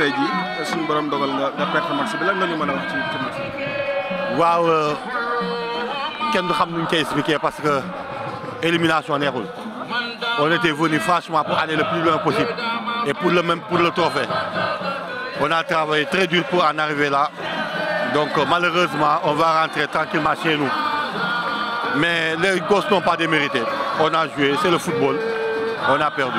tey jii suñu borom dogal nga nga perte match bi lan ñu mën waaw euh, kenn du xam nu ñu koy parce que élimination neexul on était venu franchement pour aller le plus loin possible et pour le même pour le trophée on a travaillé très dur pour en arriver là donc euh, malheureusement on va rentrer tranquillement chez nous mais les gosses n'ont pas démérité on a joué c'est le football on a perdu.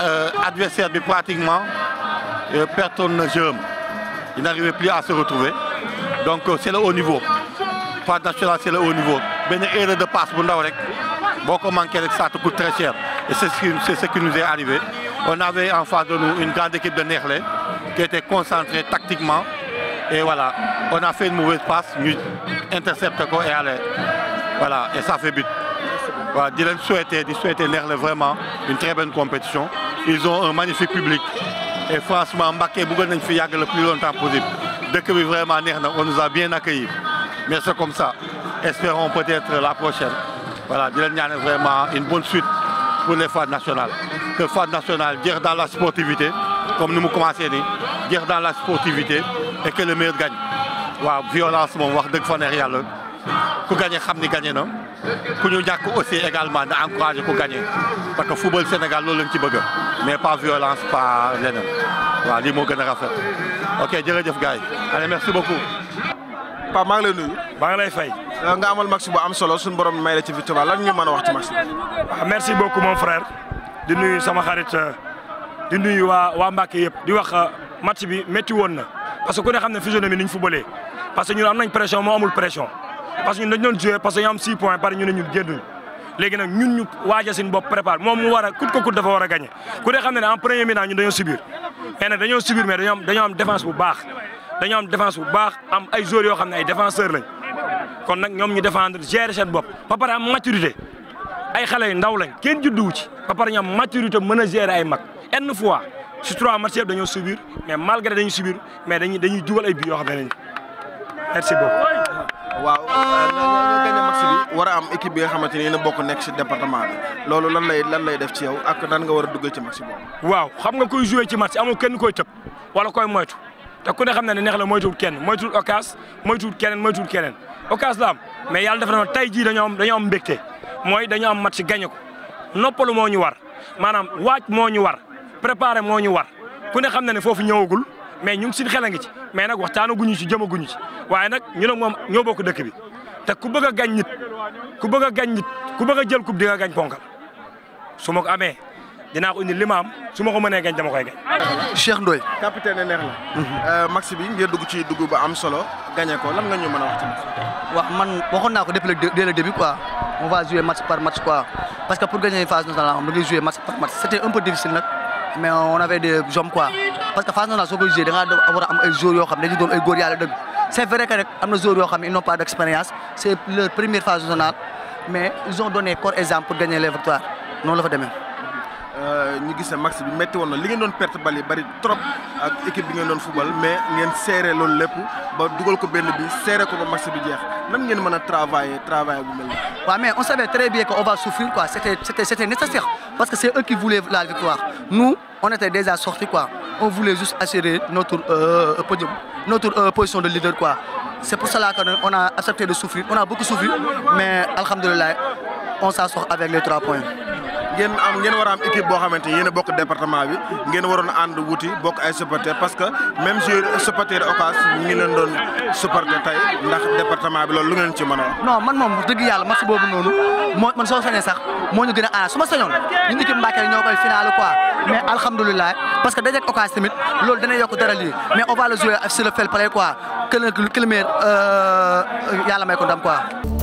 Euh, adversaire bi pratiquement pertoon na jeu il n'arrivait plus à se retrouver donc euh, c'est le haut niveau phase nationale c'est le haut niveau benn erreur de passe bu ndaw rek boo ko manqué rek ça te coûte très cher et c'est ce qui nous est arrivé on avait en face de nous une grande équipe de Neexle qui était concentrée tactiquement et voilà on a fait une mauvaise passe ñu intercepté ko et allez voilà et ça fait but. waaw di leen souhaiter di souhaiter Neexle vraiment une très bonne compétition. ils ont un magnifique public et franchement Mbacké bëggoon nañ fi yàgg le plus longtemps possible dëkk bi vraiment neex na on nous a bien accueillis mais c'est comme ça espérons peut-être la prochaine voilà di leen ñaanal vraiment une bonne suite pour les phases nationales que phase nationale jeex dans la sportivité comme ni mu commencé ni jeex dans la sportivité et que le meilleur gagne waaw violence moom wax dëgg fa neex yàlla ku gagné xam ni gagné na ku ñu ñàkk aussi également na encouragé ko gagné parce que football Sénégal loolu lañ ci bëgg mais pas violence pas leneen waaw lii moo gën a rafet ok jërëjëf gars yi allez merci beaucoup. Pape maa ngi lay nuyu. lay fay. Euh, nga amal match bu am solo suñu borom may la ci victoire lan ñu mën a wax ci match bi. Ah, merci beaucoup mon frère di nuyu sama xarit euh, di nuyu waa waa Mbacke yëpp di wax euh, match bi métti woon na parce ku ne xam ne physionomie ni ñu footballé parce que ñu am nañ pression moo amul pression. parce que ñun dañu doon joué parce que ñu am 6 points bari ñu ne ñun ñun ñu waaja suñu bopp préparé moom mu war a kut ko kut dafa war a gagné ku dee xam ne ne en premier mi-temps ñun dañoo subir mais dañoo subir mais dañoo am dañoo am défense baax dañoo am défense bu baax am ay joueurs yoo xam ne ay défenseurs lañ kon nag ñoom ñu défendre gérer seen bopp ba pare am maturité xale yu ndaw lañ kenn judduwu ci ba pare ñu am maturité mën a gérer ay mag une fois sur trois matchs dañoo subir mais malgré dañuy subir mais dañuy dañuy dugal ay bi yoo xam ne merci beaucoup waaw nga euh, gagné war a am équipe bi nga xamante ni na bokk nekk ci département loolu lan lay lan lay def ci yow ak nan nga war a duggee ci match boobu. waaw xam nga koy joué ci match amul kenn koy tëb wala koy moytu te ku ne xam na ne neex la moytuwul kenn moytuwul occas moytuwul keneen moytuwul keneen occas la am mais yàlla def na tey jii dañoo am dañoo am mbégte mooy dañoo am match gagné ko noppalu moo ñu war maanaam waaj moo ñu war préparé moo ñu war ku ne xam na ne foofu ñëwagul. mais ñu ngi suñu xel a ngi ci mais nag waxtaanu guñu jëmaguñu ci waaye nag ñu ne moom ñoo bokk dëkk bi te ku bëgg a gañ nit ku bëgg a gañ ku bëgg jël coupe di gañ ponkal su ma ko amee dinaa ko indi limaam su ma ko mënee gañ dama koy gañ. Cheikh Ndoye. capitaine neex la. Mhm. Euh, max bi ngeen dugg ci dugg ba am solo gagné ko lan nga ñu mën a wax man waxoon naa ko depuis le début quoi on va jouer match par match quoi parce que pour gagner phase nationale on va jouer match par match c'était un peu difficile nag mais on avait des hommes quoi. parce que phase nationale soo koy joué da ngaa ay joueurs xam ne dañu ay góor yàlla dëgg c' est vrai xam ne ils pas d' expérience c' est leur première phase nationale mais ils ont donné corps exemple pour gagner les victoires noonu la fa demee. Euh, ñu gis ne bi métti woon li ngeen doon perte bal yi bari trop ak équipe bi ngeen doon football mais ngeen seere loolu lépp ba dugal ko benn bi seere ko ba max bi jeex nan ngeen mën a travailler travailler bu on voulait juste assurer notre, euh, euh notre euh, position de leader. quoi. C'est pour cela qu'on a accepté de souffrir. On a beaucoup souffert, mais Alhamdulillah, on s'en sort avec les trois points. ngeen am ngeen war a am équipe boo xamante yéen a bokk département bi ngeen waroon ànd wuti bokk ay supporters parce que même si o Ocass ñu ngi leen doon supporter ndax département bi lool lu ngeen ci mënoon. non man moom dëgg yàlla match boobu noonu moo soo sañee sax moo ñu gën a aar ma sañoon mais alhamdulilah parce que dajeeg occasion tamit loolu dana yokk dara lii mais on va le jouer sur le fair play quoi que le euh, yàlla may ko ndam quoi.